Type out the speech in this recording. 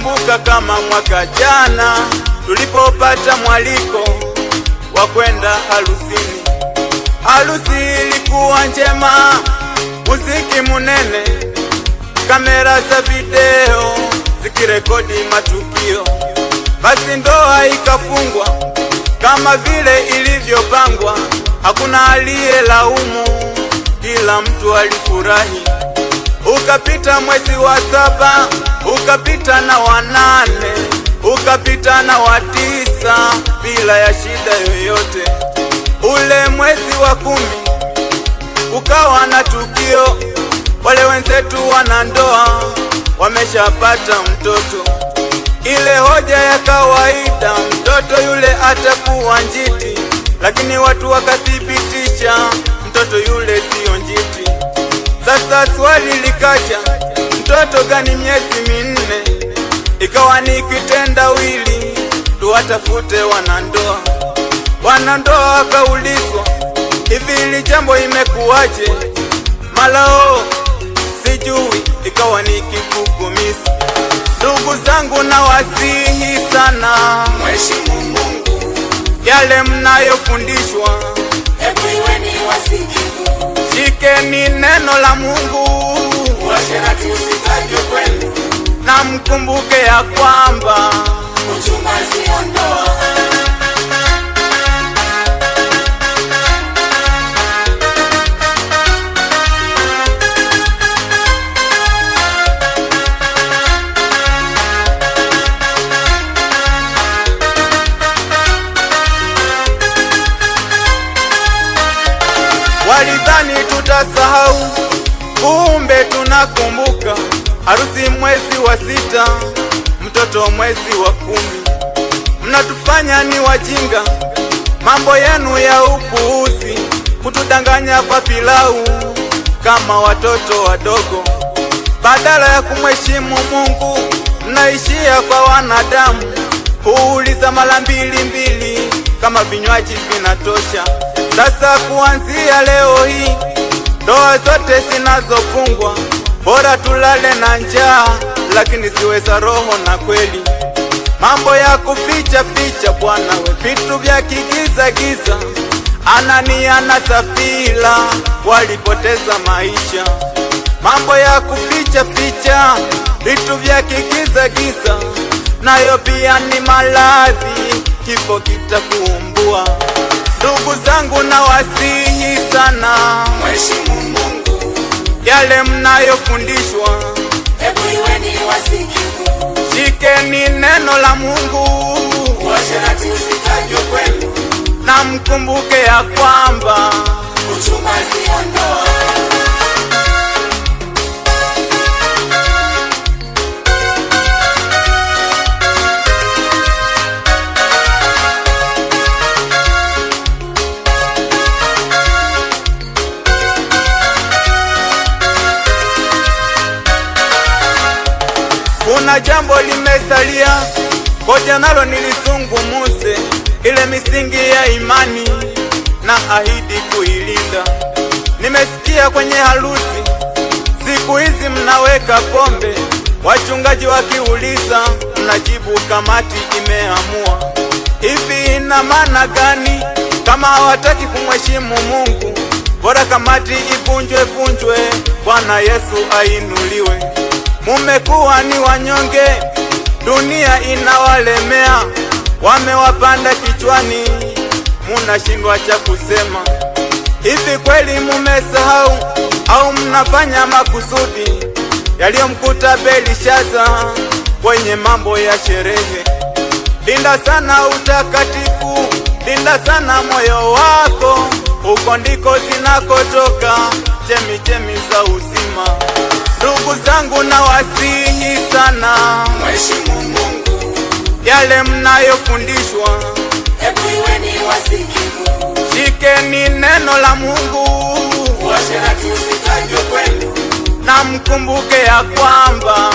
Nakumbuka kama mwaka jana tulipopata mwaliko wa kwenda harusini. Harusi ilikuwa njema, muziki munene, kamera za video zikirekodi matukio. Basi ndoa ikafungwa kama vile ilivyopangwa, hakuna aliye laumu kila mtu alifurahi. Ukapita mwezi wa saba ukapita na wanane ukapita na watisa bila ya shida yoyote. Ule mwezi wa kumi ukawa na tukio, wale wenzetu wana ndoa wameshapata mtoto. Ile hoja ya kawaida, mtoto yule atakuwa njiti, lakini watu wakathibitisha mtoto yule siyo njiti. Sasa swali likaja mtoto gani miezi minne, ikawa nikitenda wili tuwatafute wanandoa. Wanandoa wakaulizwa hivi, ili jambo imekuwaje? Malao sijui, ikawa nikikukumisa. Ndugu zangu na wasihi sana, mheshimu Mungu, yale mnayofundishwa hebu iweni wasikivu, shikeni neno la Mungu. Asherati usitajwe kwenu, na mkumbuke ya kwamba uchuma sio ndoa. Walidhani tutasahau Kumbe tunakumbuka harusi mwezi wa sita, mtoto mwezi wa kumi. Mnatufanya ni wajinga, mambo yenu ya upuuzi, kutudanganya kwa pilau kama watoto wadogo. Badala ya kumheshimu Mungu, mnaishia kwa wanadamu, huuliza mara mbili mbili kama vinywaji vinatosha. Sasa kuanzia leo hii ndoa zote zinazofungwa, bora tulale na njaa, lakini siweza roho na kweli. Mambo ya kuficha ficha, bwana we, vitu vya kigiza giza. Anania na Safira walipoteza maisha, mambo ya kuficha ficha, vitu vya kigiza giza, nayo pia ni maradhi, kifo kitakuumbua. Ndugu zangu na wasihi sana, mheshimu Mungu. Yale mnayofundishwa hebu iweni wasikivu, shikeni neno la Mungu, uasherati usitajwe kwenu, na mkumbuke ya kwamba uchuma si ondoa Kuna jambo limesalia, koja nalo muse ile misingi ya imani na ahidi kuilinda. Nimesikia kwenye harusi, siku hizi mnaweka pombe, wachungaji wakiuliza mnajibu kamati imeamua. Hivi ina maana gani kama hawataki kumheshimu Mungu? Bora kamati ivunjwe vunjwe, Bwana Yesu ainuliwe mumekuwa ni wanyonge, dunia inawalemea, wamewapanda kichwani, munashindwa cha kusema. Hivi kweli mumesahau au mnafanya makusudi yaliyomkuta Belishaza kwenye mambo ya sherehe? Linda sana utakatifu, linda sana moyo wako, huko ndiko zinakotoka chemichemi za uzima. Ndugu zangu na wasinyi sana, mheshimu Mungu. Yale mnayofundishwa hebu ni wasikivu, shikeni neno la Mungu, uasherati usitajwe kwenu, na mkumbuke ya kwamba